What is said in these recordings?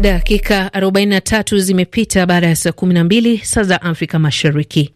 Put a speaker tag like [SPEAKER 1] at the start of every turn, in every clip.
[SPEAKER 1] Dakika 43 zimepita baada ya saa 12 saa za Afrika Mashariki.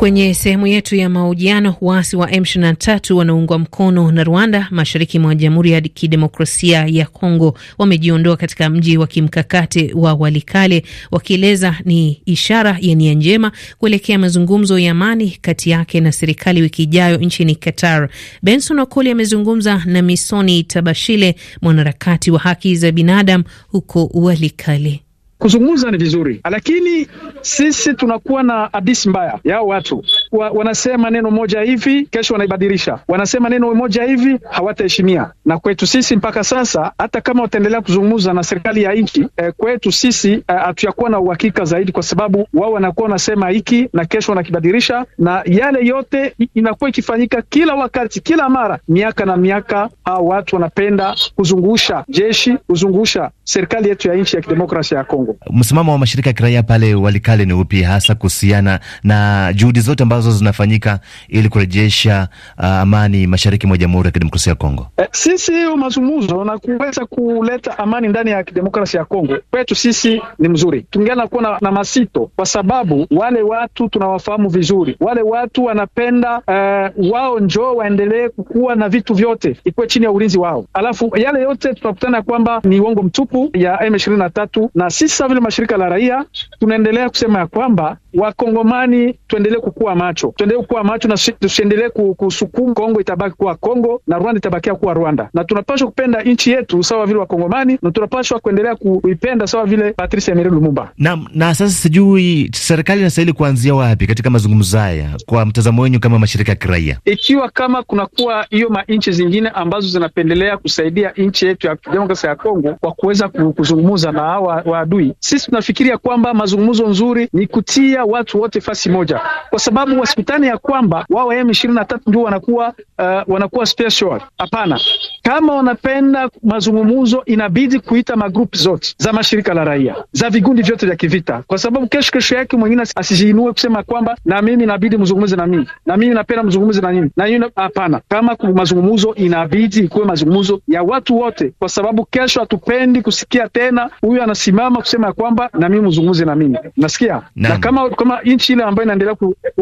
[SPEAKER 1] Kwenye sehemu yetu ya mahojiano, waasi wa M23 wanaungwa mkono na Rwanda mashariki mwa Jamhuri ya Kidemokrasia ya Kongo wamejiondoa katika mji wa kimkakati wa Walikale, wakieleza ni ishara ya nia njema kuelekea mazungumzo ya amani kati yake na serikali wiki ijayo nchini Qatar. Benson Okoli amezungumza na Misoni Tabashile, mwanaharakati wa haki za binadamu huko Walikale
[SPEAKER 2] kuzungumza ni vizuri, lakini sisi tunakuwa na hadisi mbaya ya watu wa, wanasema neno moja hivi kesho wanaibadilisha, wanasema neno moja hivi hawataheshimia. Na kwetu sisi mpaka sasa, hata kama wataendelea kuzungumza na serikali ya nchi eh, kwetu sisi hatuyakuwa eh, na uhakika zaidi, kwa sababu wao wanakuwa wanasema hiki na kesho wanakibadilisha, na yale yote inakuwa ikifanyika kila wakati, kila mara, miaka na miaka. Hao watu wanapenda kuzungusha jeshi, kuzungusha
[SPEAKER 3] serikali yetu ya nchi ya kidemokrasia ya Kongo. Msimamo wa mashirika ya kiraia pale Walikale ni upi hasa kuhusiana na juhudi zote ambazo zinafanyika ili kurejesha uh, amani mashariki mwa Jamhuri ya Kidemokrasia ya Kongo?
[SPEAKER 2] Eh, sisi hiyo mazungumzo na kuweza kuleta amani ndani ya kidemokrasia ya Kongo kwetu sisi ni mzuri, tungeana kuwa na, na masito, kwa sababu wale watu tunawafahamu vizuri. Wale watu wanapenda uh, wao njoo waendelee kukuwa na vitu vyote ikuwe chini ya ulinzi wao, alafu yale yote tunakutana kwamba ni uongo mtupu ya M ishirini na tatu na sisi sasa vile mashirika la raia tunaendelea kusema ya kwamba Wakongomani tuendelee kukuwa macho, tuendelee kukuwa macho na tusiendelee kusukuma. Kongo itabaki kuwa Kongo na Rwanda itabakia kuwa Rwanda, na tunapashwa kupenda nchi yetu sawa vile Wakongomani, na tunapashwa kuendelea kuipenda sawa vile Patrice Emery Lumumba.
[SPEAKER 3] Naam. Na sasa sijui serikali inastahili kuanzia wapi katika mazungumzo haya, kwa mtazamo wenyu kama mashirika ya kiraia,
[SPEAKER 2] ikiwa kama kunakuwa hiyo manchi zingine ambazo zinapendelea kusaidia nchi yetu ya demokrasia ya Kongo kwa kuweza kuzungumza na hawa waadui, sisi tunafikiria kwamba mazungumzo nzuri ni kutia kuwapatia watu wote fasi moja, kwa sababu wasipitane ya kwamba wao M23 ndio wanakuwa uh, wanakuwa special. Hapana, kama wanapenda mazungumzo, inabidi kuita magrupu zote za mashirika la raia za vigundi vyote vya kivita, kwa sababu kesho kesho yake mwingine asijiinue kusema kwamba na mimi inabidi mzungumze na mimi na mimi napenda mzungumze na nini na nini. Hapana, kama mazungumzo, inabidi ikuwe mazungumzo ya watu wote, kwa sababu kesho hatupendi kusikia tena huyu anasimama kusema ya kwamba na mimi mzungumze na mimi nasikia na, na kama hiyo kama nchi ile ambayo inaendelea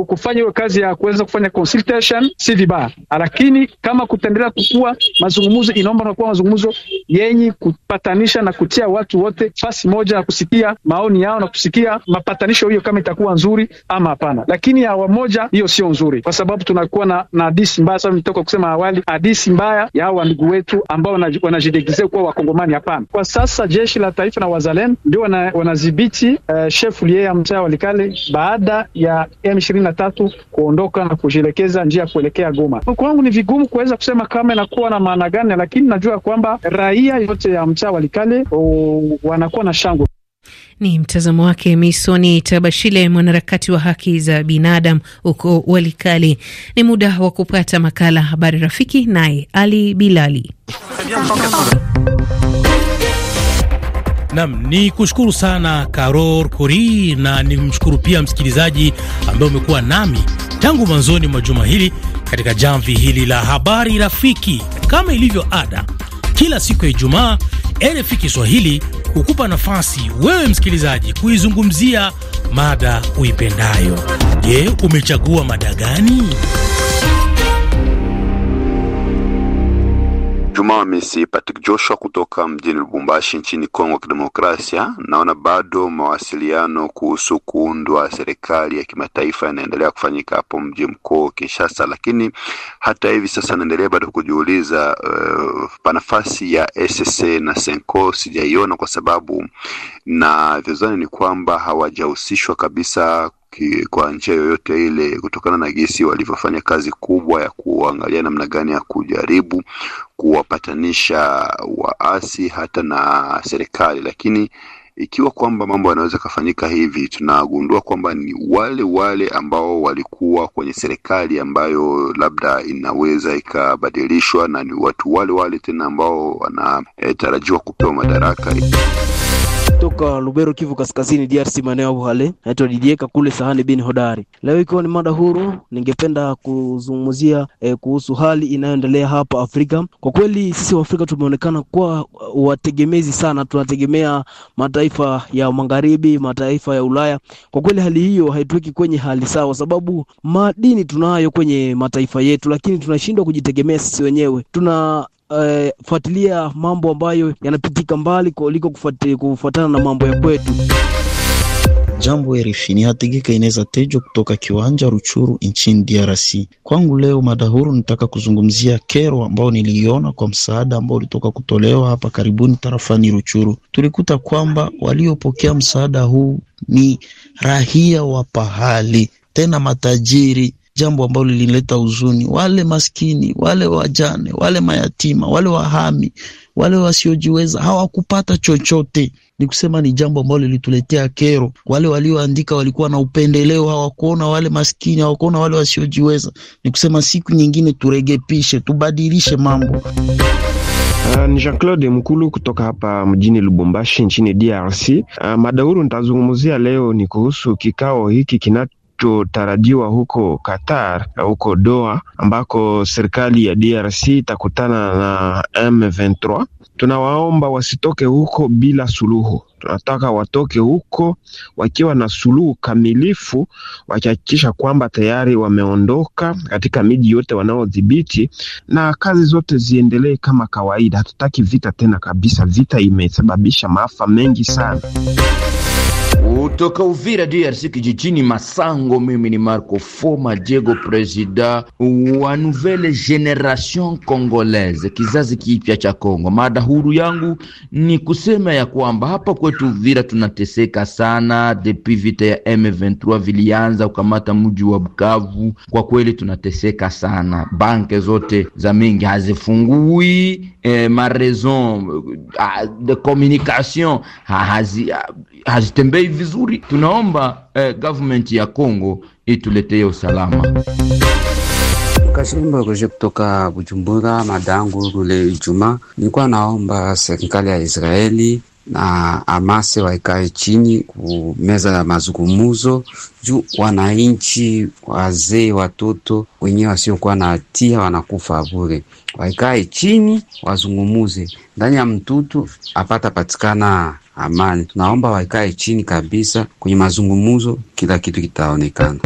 [SPEAKER 2] kufanya hiyo kazi ya kuweza kufanya consultation si vibaya, lakini kama kutaendelea kukua mazungumzo, inaomba na kuwa mazungumzo yenye kupatanisha na kutia watu wote fasi moja na kusikia maoni yao na kusikia mapatanisho hiyo, kama itakuwa nzuri ama hapana. Lakini ya wamoja hiyo sio nzuri, kwa sababu tunakuwa na, na hadisi mbaya. Sasa nitoka kusema awali, hadisi mbaya ya hao ndugu wetu ambao wanajidegezea kuwa Wakongomani. Hapana, kwa sasa jeshi la taifa na wazalendo ndio wanadhibiti wana uh, eh, shefu liye ya mtaa walikale baada ya M23 kuondoka na kujielekeza njia ya kuelekea Goma. Kwangu ni vigumu kuweza kusema kama inakuwa na maana gani, lakini najua kwamba raia yote ya mtaa Walikale oh, wanakuwa na shangwe.
[SPEAKER 1] Ni mtazamo wake Misoni Tabashile, mwanaharakati wa haki za binadamu huko Walikali. Ni muda wa kupata makala Habari Rafiki, naye Ali Bilali
[SPEAKER 3] Nam ni kushukuru sana Karor kuri na nimshukuru pia msikilizaji ambaye umekuwa nami tangu mwanzoni mwa juma hili katika jamvi hili la habari rafiki. Kama ilivyo ada, kila siku ya Ijumaa RFI Kiswahili hukupa nafasi wewe msikilizaji kuizungumzia mada uipendayo. Je, umechagua mada gani?
[SPEAKER 1] Jumamosi Patrick Joshua kutoka mjini Lubumbashi nchini Kongo Kidemokrasia. Naona bado mawasiliano kuhusu kuundwa serikali ya kimataifa yanaendelea kufanyika hapo mji mkuu Kinshasa, lakini hata hivi sasa naendelea bado kujiuliza uh, eh, panafasi ya SSC na Senko sijaiona, kwa sababu na vyozani ni kwamba hawajahusishwa kabisa kwa njia yoyote ile, kutokana na gesi walivyofanya kazi kubwa ya kuangalia namna gani ya kujaribu kuwapatanisha waasi hata na serikali. Lakini ikiwa kwamba mambo yanaweza kufanyika hivi, tunagundua kwamba ni wale wale ambao walikuwa kwenye serikali ambayo labda inaweza ikabadilishwa, na ni watu wale wale tena ambao wanatarajiwa kupewa madaraka
[SPEAKER 2] toka Lubero, Kivu Kaskazini, DRC, maeneo ya Buhale. Naitwa Didieka kule sahani bin hodari. Leo ikiwa ni mada huru, ningependa kuzungumzia eh, kuhusu hali inayoendelea hapa Afrika. Kwa kweli sisi wa Afrika tumeonekana kuwa wategemezi sana, tunategemea mataifa ya magharibi, mataifa ya Ulaya. Kwa kweli hali hiyo haituweki kwenye hali sawa, sababu madini tunayo kwenye mataifa yetu, lakini tunashindwa kujitegemea sisi wenyewe tuna eh, fuatilia mambo ambayo yanapitika mbali kuliko kufuatana na mambo ya kwetu. Jambo RFI ni hatigika inaweza tejwa kutoka kiwanja Ruchuru nchini DRC. Kwangu leo madahuru, nitaka kuzungumzia kero ambao niliona kwa msaada ambao ulitoka kutolewa hapa karibuni tarafani Ruchuru. Tulikuta kwamba waliopokea msaada huu ni rahia wa pahali, tena matajiri jambo ambalo lilileta huzuni. Wale maskini, wale wajane, wale mayatima, wale wahami, wale wasiojiweza hawakupata chochote. Ni kusema ni jambo ambalo lilituletea kero. Wale walioandika walikuwa na upendeleo, hawakuona wale maskini, hawakuona wale wasiojiweza. Ni kusema siku nyingine turegepishe, tubadilishe mambo. Uh, ni Jean-Claude Mkulu kutoka hapa mjini Lubumbashi nchini DRC. Uh, ah, mada nitazungumzia leo ni kuhusu kikao hiki kinachotarajiwa huko Qatar na huko Doha ambako serikali ya DRC itakutana na M23. Tunawaomba wasitoke huko bila suluhu. Tunataka watoke huko wakiwa na suluhu kamilifu, wakihakikisha kwamba tayari wameondoka katika miji yote wanaodhibiti, na kazi zote ziendelee kama kawaida. Hatutaki vita tena kabisa, vita imesababisha maafa
[SPEAKER 3] mengi sana. Kutoka Uvira DRC kijijini Masango, mimi ni Marco Foma Diego, presida wa Nouvelle Generation Congolaise, kizazi kipya cha Kongo. Mada huru yangu ni kusema ya kwamba hapa kwetu Uvira tunateseka sana depuis vita ya M23 vilianza ukamata mji wa Bukavu. Kwa kweli tunateseka sana, banke zote za mingi hazifungui, eh, raison ah, de communication hazi ah, hazitembei vizuri. Tunaomba eh, government ya Kongo ituletee usalama. Kashimba Roje kutoka Bujumbura,
[SPEAKER 2] madangu rule juma nilikuwa naomba serikali ya Israeli na Amase waikae chini kumeza ya mazungumuzo juu wananchi, wazee, watoto wenyewe wasiokuwa na hatia wanakufa bure. Waikae chini wazungumuze ndani ya mtutu apata patikana amani. Tunaomba waikae chini kabisa kwenye mazungumzo, kila kitu kitaonekana.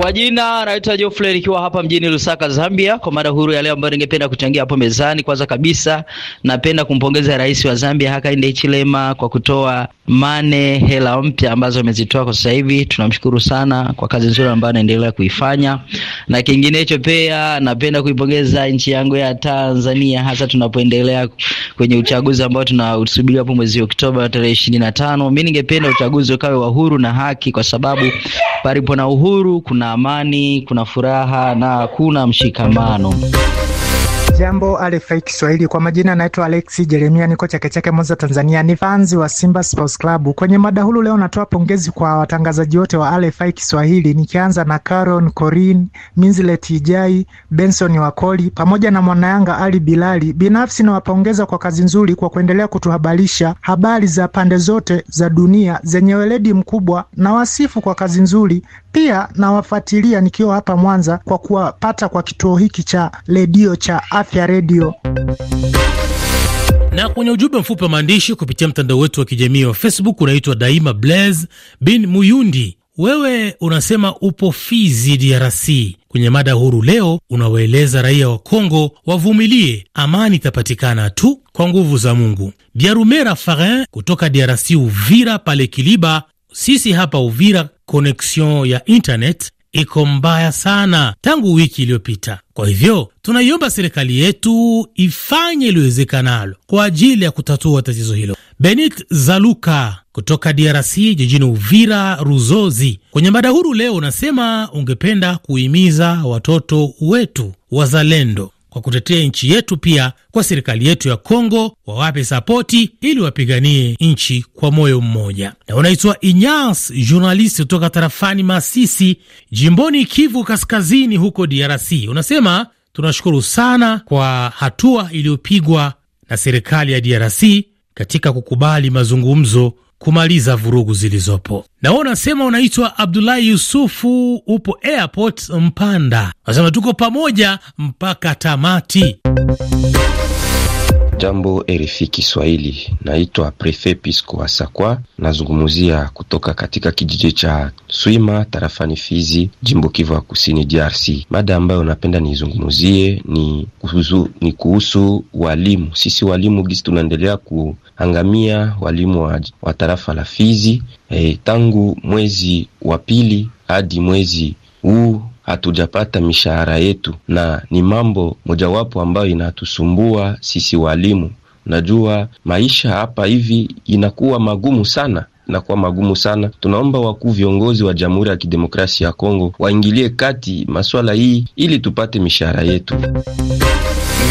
[SPEAKER 2] Kwa jina naitwa Geoffrey nikiwa hapa mjini Lusaka, Zambia, kwa mada huru ya leo ambayo ningependa kuchangia hapo mezani. Kwanza kabisa, napenda kumpongeza Rais wa Zambia Hakainde Hichilema kwa kutoa mane hela mpya ambazo amezitoa kwa sasa hivi. Tunamshukuru sana kwa kazi nzuri ambayo anaendelea kuifanya, na kinginecho pia napenda kuipongeza nchi yangu ya Tanzania, hasa tunapoendelea kwenye uchaguzi ambao tunasubiri hapo mwezi Oktoba tarehe ishirini na tano. Mimi ningependa uchaguzi ukawe wa huru na haki, kwa sababu palipo na uhuru kuna amani, kuna furaha na kuna mshikamano. Jambo RFI Kiswahili, kwa majina anaitwa Alex Jeremia, niko Chake Chake, Mwanza, Tanzania, ni fanzi wa Simba Sports Club. Kwenye mada huru leo natoa pongezi kwa watangazaji wote wa RFI Kiswahili, nikianza na Caron Corin, Minzilet Ijai, Benson Wakoli pamoja na mwanayanga Ali Bilali. Binafsi nawapongeza kwa kazi nzuri kwa kuendelea kutuhabarisha habari za pande zote za dunia zenye weledi mkubwa, na wasifu kwa kazi nzuri pia nawafuatilia nikiwa hapa Mwanza kwa kuwapata kwa kituo hiki cha redio cha Afya Redio.
[SPEAKER 3] Na kwenye ujumbe mfupi wa maandishi kupitia mtandao wetu wa kijamii wa Facebook unaitwa Daima Blaze bin Muyundi, wewe unasema upo Fizi, DRC, kwenye mada huru leo. Unawaeleza raia wa Kongo wavumilie, amani itapatikana tu kwa nguvu za Mungu. Biarumera Farin kutoka DRC, Uvira pale Kiliba, sisi hapa Uvira koneksion ya internet iko mbaya sana tangu wiki iliyopita. Kwa hivyo tunaiomba serikali yetu ifanye iliyowezekanalo kwa ajili ya kutatua tatizo hilo. Benit Zaluka kutoka DRC jijini Uvira Ruzozi, kwenye mada huru leo unasema ungependa kuhimiza watoto wetu wazalendo kwa kutetea nchi yetu, pia kwa serikali yetu ya Kongo wawape sapoti ili wapiganie nchi kwa moyo mmoja. Na unaitwa Inyas journalist kutoka tarafani Masisi jimboni Kivu Kaskazini huko DRC, unasema tunashukuru sana kwa hatua iliyopigwa na serikali ya DRC katika kukubali mazungumzo kumaliza vurugu zilizopo. Na wewe unasema unaitwa Abdulahi Yusufu, upo airport Mpanda, nasema tuko pamoja mpaka tamati. Jambo RFI Kiswahili, naitwa Prefe Pisco Asakwa, nazungumuzia kutoka katika kijiji cha Swima tarafani Fizi, jimbo Kivu ya Kusini, DRC. Mada ambayo napenda niizungumuzie ni ni kuhusu walimu. Sisi walimu gisi tunaendelea kuangamia, walimu wa, wa tarafa la Fizi. E, tangu mwezi wa pili hadi mwezi huu hatujapata mishahara yetu, na ni mambo mojawapo ambayo inatusumbua sisi walimu. Najua maisha hapa hivi inakuwa magumu sana, inakuwa magumu sana. Tunaomba wakuu viongozi wa Jamhuri ya Kidemokrasia ya Kongo waingilie kati maswala hii ili tupate mishahara yetu.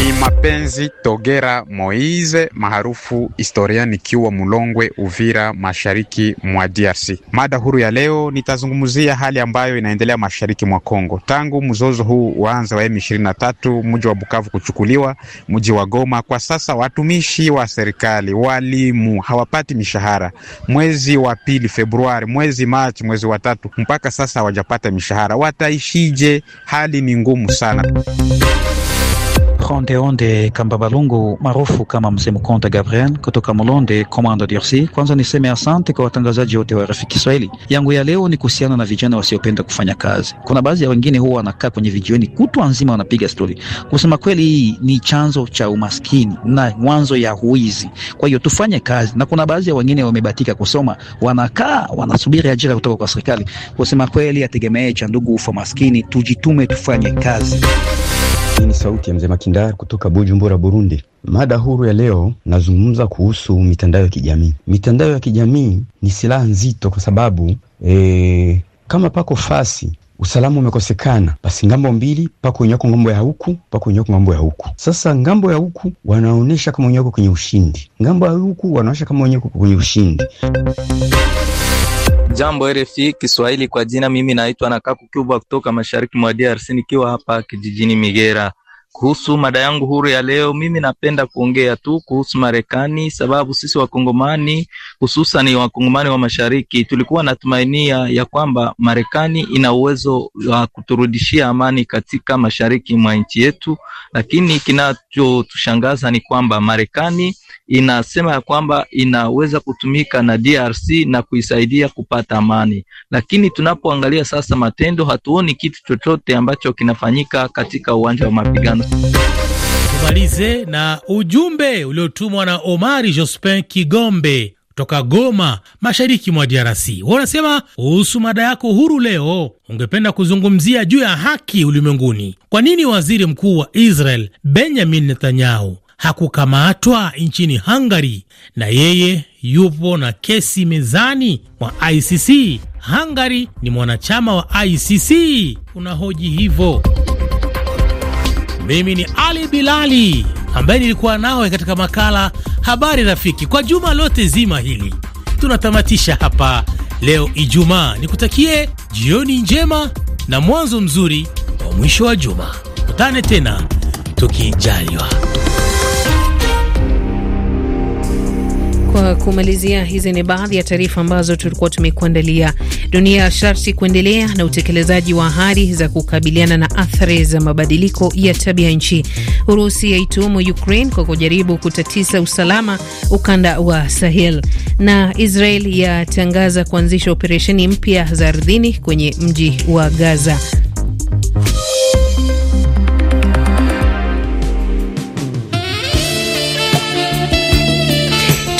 [SPEAKER 2] Ni mapenzi Togera Moise maarufu historia, nikiwa Mulongwe, Uvira, mashariki mwa DRC. Mada huru ya leo nitazungumzia hali ambayo inaendelea mashariki mwa Kongo tangu mzozo huu uanze wa M23, mji wa Bukavu kuchukuliwa, mji wa Goma. Kwa sasa watumishi wa serikali, walimu hawapati mishahara mwezi mwezi wa pili Februari, mwezi Machi, mwezi wa tatu, mpaka sasa hawajapata mishahara, wataishije? Hali ni ngumu sana. Rondeonde Onde Kambabalungu, maarufu kama Mzee Mkonta Gabriel kutoka Mulonde Komando DRC. Kwanza niseme asante kwa watangazaji wote wa RFI Kiswahili. Yangu ya leo ni kuhusiana na vijana wasiopenda kufanya kazi. Kuna baadhi ya wengine huwa wanakaa kwenye vijiweni kutwa nzima wanapiga stori. Kusema kweli, hii ni chanzo cha umaskini na mwanzo ya huizi. Kwa hiyo tufanye kazi, na kuna baadhi ya wengine wamebahatika kusoma, wanakaa wanasubiri ajira kutoka kwa serikali. Kusema kweli, ategemee cha ndugu ufa maskini, tujitume tufanye kazi. Hii ni sauti ya mzee makindar kutoka Bujumbura, Burundi. Mada huru ya leo nazungumza kuhusu mitandao ya kijamii. Mitandao ya kijamii ni silaha nzito, kwa sababu e, kama pako fasi usalama umekosekana, basi ngambo mbili, pako wenyewako ngambo ya huku, pako wenyewako ngambo ya huku. Sasa ngambo ya huku wanaonyesha kama wenyewako kwenye ushindi, ngambo ya huku wanaonyesha kama wenyewako kwenye ushindi
[SPEAKER 3] Jambo RFI Kiswahili, kwa jina mimi naitwa Nakaku Kubwa kutoka mashariki mwa DRC nikiwa hapa kijijini Migera. Kuhusu mada yangu huru ya leo, mimi napenda kuongea tu kuhusu Marekani, sababu sisi Wakongomani, hususan Wakongomani wa mashariki, tulikuwa natumainia ya kwamba Marekani ina uwezo wa kuturudishia amani katika mashariki mwa nchi yetu, lakini kinachotushangaza ni kwamba Marekani inasema ya kwamba inaweza kutumika na DRC na kuisaidia kupata amani, lakini tunapoangalia sasa matendo, hatuoni kitu chochote ambacho kinafanyika katika uwanja wa mapigano. Tumalize na ujumbe uliotumwa na Omari Jospin Kigombe kutoka Goma, mashariki mwa DRC. Wanasema kuhusu mada yako huru leo, ungependa kuzungumzia juu ya haki ulimwenguni. Kwa nini waziri mkuu wa Israel Benjamin Netanyahu hakukamatwa nchini Hungary na yeye yupo na kesi mezani mwa ICC. Hungary ni mwanachama wa ICC. Unahoji hivyo. Mimi ni Ali Bilali ambaye nilikuwa nawe katika makala Habari Rafiki kwa juma lote zima hili. Tunatamatisha hapa leo Ijumaa. Nikutakie jioni njema na mwanzo mzuri wa mwisho wa juma. Kutane tena tukijaliwa.
[SPEAKER 1] Kwa kumalizia, hizi ni baadhi ya taarifa ambazo tulikuwa tumekuandalia. Dunia ya sharti kuendelea na utekelezaji wa ahadi za kukabiliana na athari za mabadiliko ya tabia nchi. Urusi yaituhumu Ukraine kwa kujaribu kutatisa usalama ukanda wa Sahel, na Israel yatangaza kuanzisha operesheni mpya za ardhini kwenye mji wa Gaza.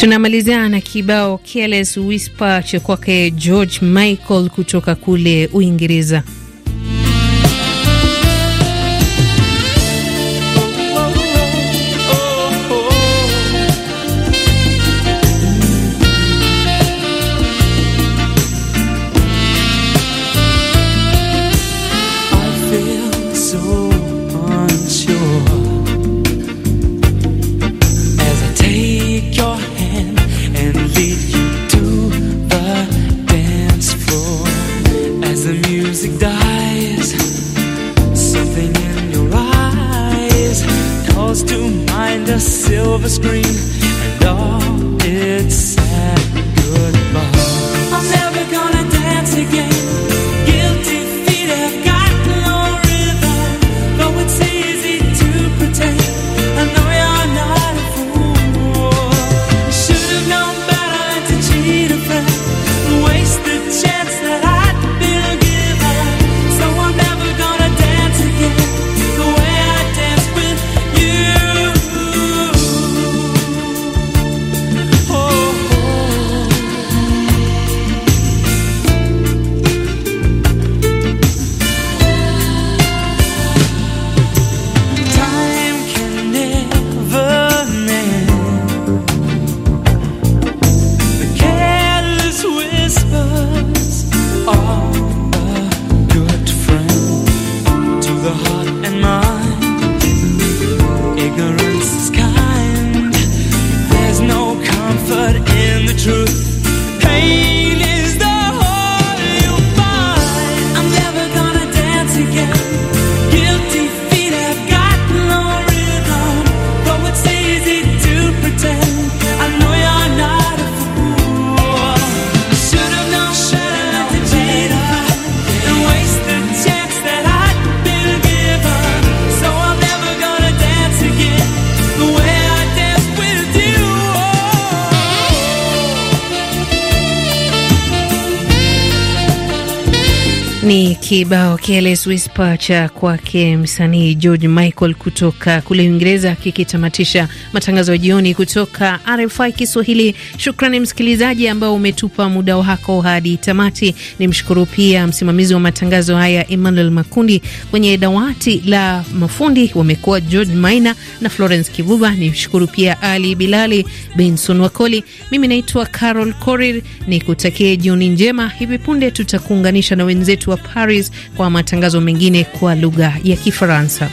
[SPEAKER 1] Tunamalizia na kibao Careless Whisper cha kwake George Michael kutoka kule Uingereza. Kibao Careless Whisper cha kwake msanii George Michael kutoka kule Uingereza kikitamatisha matangazo ya jioni kutoka RFI Kiswahili. Shukrani msikilizaji ambao umetupa muda wako hadi tamati. Nimshukuru pia msimamizi wa matangazo haya Emmanuel Makundi, kwenye dawati la mafundi wamekuwa George Maina na Florence Kivuva. Nimshukuru pia Ali Bilali, Benson Wakoli. Mimi naitwa Carol Korir, nikutakie jioni njema. Hivi punde tutakuunganisha na wenzetu wa Paris Paris kwa matangazo mengine kwa lugha ya Kifaransa.